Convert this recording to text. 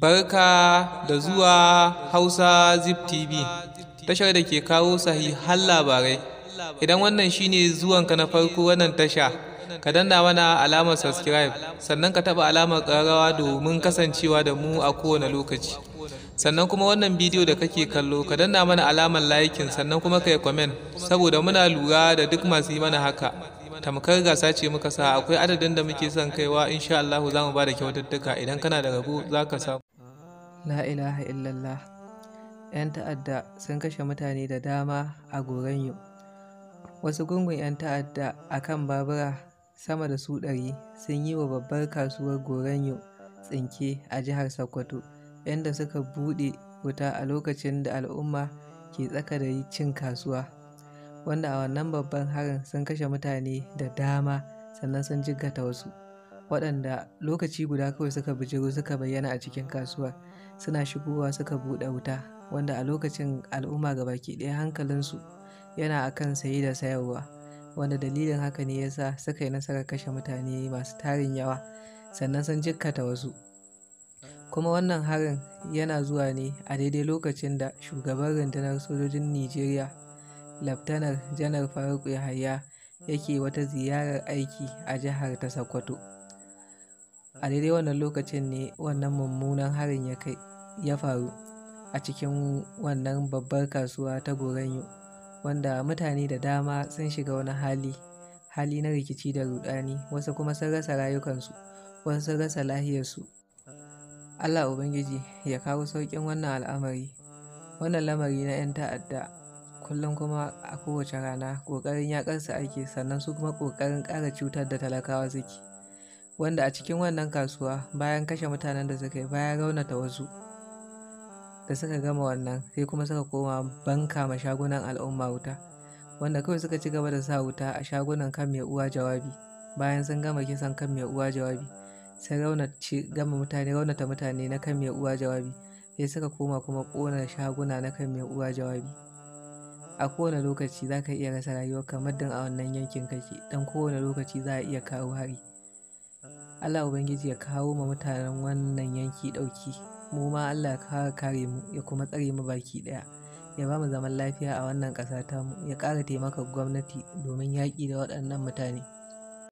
Barka da zuwa Hausa Zip TV, tashar da ke kawo sahihan labarai. Idan wannan shine zuwanka na farko wannan tasha, ka danna mana alamar subscribe, sannan ka taɓa alamar ƙararrawa domin kasancewa da mu a kowane lokaci. Sannan kuma wannan bidiyo da kake kallo, ka danna mana alamar laikin sannan kuma ka yi comment, saboda muna lura da duk masu yi mana haka. tamkar gasa ce muka sa akwai adadin da muke son kaiwa insha Allah za mu ba da kyaututtuka idan kana da rabo za ka samu La ilaha illallah. 'Yan ta'adda sun kashe mutane da dama a Goranyo. Wasu gungun 'yan ta'adda a kan babura sama da su ɗari sun yi wa babbar kasuwar Goranyo tsinke a jihar Sokoto, yadda suka buɗe wuta a lokacin da al'umma ke tsaka da cin kasuwa. Wanda a wannan babban harin sun kashe mutane da dama sannan sun jikkata wasu. waɗanda lokaci guda kawai suka bijiro suka bayyana a cikin kasuwar suna shigowa suka buɗe wuta wanda a lokacin al'umma ga baki ɗaya hankalinsu yana akan saye da sayarwa wanda dalilin haka ne yasa suka yi nasarar kashe mutane masu tarin yawa sannan sun jikkata wasu kuma wannan harin yana zuwa ne a daidai lokacin da shugaban rundunar sojojin nigeria laftanar janar faruk yahaya yake wata ziyarar aiki a jihar ta sokoto a daidai wannan lokacin ne wannan mummunan harin ya kai ya faru a cikin wannan babbar kasuwa ta goranyo wanda mutane da dama sun shiga wani hali hali na rikici da rudani wasu kuma sun rasa rayukansu wasu sun rasa lahiyarsu allah ubangiji ya kawo saukin wannan al'amari wannan lamari na 'yan ta'adda kullum kuma a kowace rana ƙoƙarin yaƙarsa ake sannan su kuma ƙoƙarin ƙara cutar da talakawa suke wanda a cikin wannan kasuwa bayan kashe mutanen da suka yi bayan raunata wasu da suka gama wannan sai kuma suka koma banka ma shagunan al'umma wuta wanda kawai suka ci gaba da sa wuta a shagunan kan mai uwa jawabi bayan sun gama kisan kan mai uwa jawabi sai raunaci gama mutane raunata mutane na kan mai uwa jawabi sai suka koma kuma ƙona shaguna na kan mai uwa jawabi a kowane lokaci za ka iya rasa rayuwarka muddin a wannan yankin kake don kowane lokaci za a iya kawo hari Allah Ubangiji ya kawo ma mutanen wannan yanki ɗauki mu ma Allah ya kare mu ya kuma tsare mu baki ɗaya ya ba mu zaman lafiya a wannan ƙasa ta mu ya ƙara taimaka gwamnati domin yaƙi da waɗannan mutane.